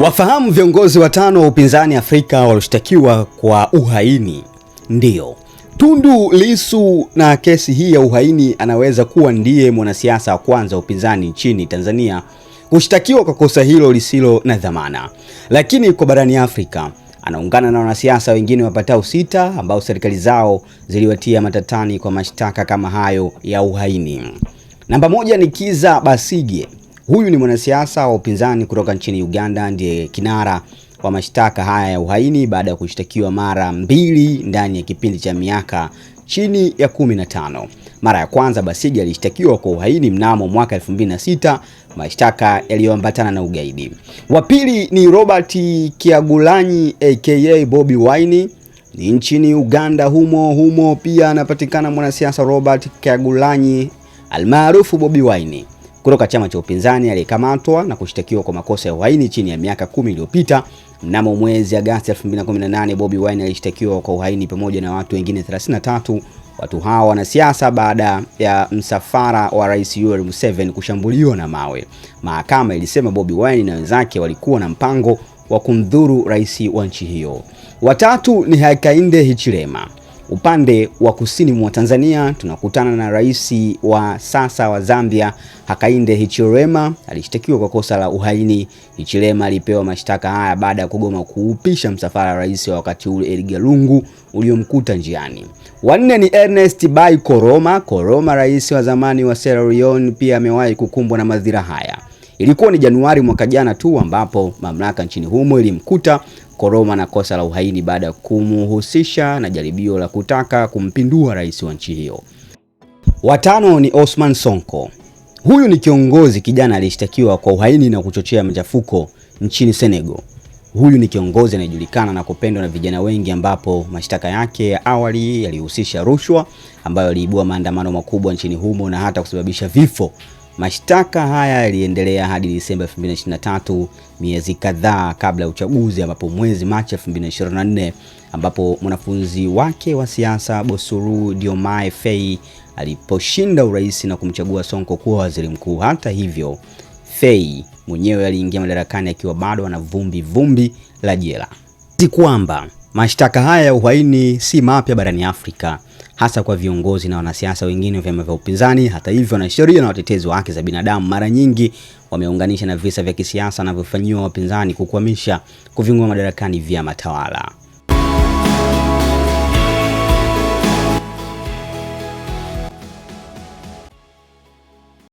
Wafahamu viongozi watano wa upinzani Afrika walioshtakiwa kwa uhaini. Ndiyo, Tundu Lissu na kesi hii ya uhaini anaweza kuwa ndiye mwanasiasa wa kwanza wa upinzani nchini Tanzania kushtakiwa kwa kosa hilo lisilo na dhamana, lakini kwa barani Afrika anaungana na wanasiasa wengine wapatao sita ambao serikali zao ziliwatia matatani kwa mashtaka kama hayo ya uhaini. Namba moja ni Kiza Basige Huyu ni mwanasiasa wa upinzani kutoka nchini Uganda, ndiye kinara wa mashtaka haya ya uhaini baada ya kushtakiwa mara mbili ndani ya kipindi cha miaka chini ya 15. Mara ya kwanza Besigye alishtakiwa kwa uhaini mnamo mwaka 2006, mashtaka yaliyoambatana na ugaidi. Wa pili ni Robert Kiagulanyi aka Bobi Wine ni nchini Uganda humo humo pia anapatikana mwanasiasa Robert Kyagulanyi almaarufu Bobi Wine kutoka chama cha upinzani aliyekamatwa na kushtakiwa kwa makosa ya uhaini chini ya miaka kumi iliyopita. Mnamo mwezi Agosti 2018 Bobi Wine alishtakiwa kwa uhaini pamoja na watu wengine 33 watu hao wanasiasa, baada ya msafara wa Rais Yoweri Museveni kushambuliwa na mawe. Mahakama ilisema Bobi Wine na wenzake walikuwa na mpango wa kumdhuru rais wa nchi hiyo. Watatu ni Hakainde Hichilema Upande wa kusini mwa Tanzania tunakutana na rais wa sasa wa Zambia Hakainde Hichilema. Alishtakiwa kwa kosa la uhaini. Hichilema alipewa mashtaka haya baada ya kugoma kuupisha msafara wa rais wa wakati ule Edgar Lungu uliomkuta njiani. Wanne ni Ernest Bai Koroma. Koroma, rais wa zamani wa Sierra Leone, pia amewahi kukumbwa na madhira haya. Ilikuwa ni Januari mwaka jana tu ambapo mamlaka nchini humo ilimkuta Koroma na kosa la uhaini baada ya kumuhusisha na jaribio la kutaka kumpindua rais wa nchi hiyo. Watano ni Osman Sonko. Huyu ni kiongozi kijana aliyeshtakiwa kwa uhaini na kuchochea machafuko nchini Senegal. Huyu ni kiongozi anayejulikana na kupendwa na vijana wengi, ambapo mashtaka yake ya awali yalihusisha rushwa ambayo yaliibua maandamano makubwa nchini humo na hata kusababisha vifo Mashtaka haya yaliendelea hadi Disemba 2023, miezi kadhaa kabla ya uchaguzi, ambapo mwezi Machi 2024, ambapo mwanafunzi wake wa siasa Bosuru Diomaye Faye aliposhinda urais na kumchagua Sonko kuwa waziri mkuu. Hata hivyo, Faye mwenyewe aliingia madarakani akiwa bado ana vumbi vumbi la jela. Si kwamba mashtaka haya ya uhaini si mapya barani Afrika hasa kwa viongozi na wanasiasa wengine wa vyama vya upinzani. Hata hivyo, wanasheria na watetezi wa haki za binadamu mara nyingi wameunganisha na visa vya kisiasa wanavyofanyiwa wapinzani kukwamisha kuving'oa madarakani vyama tawala.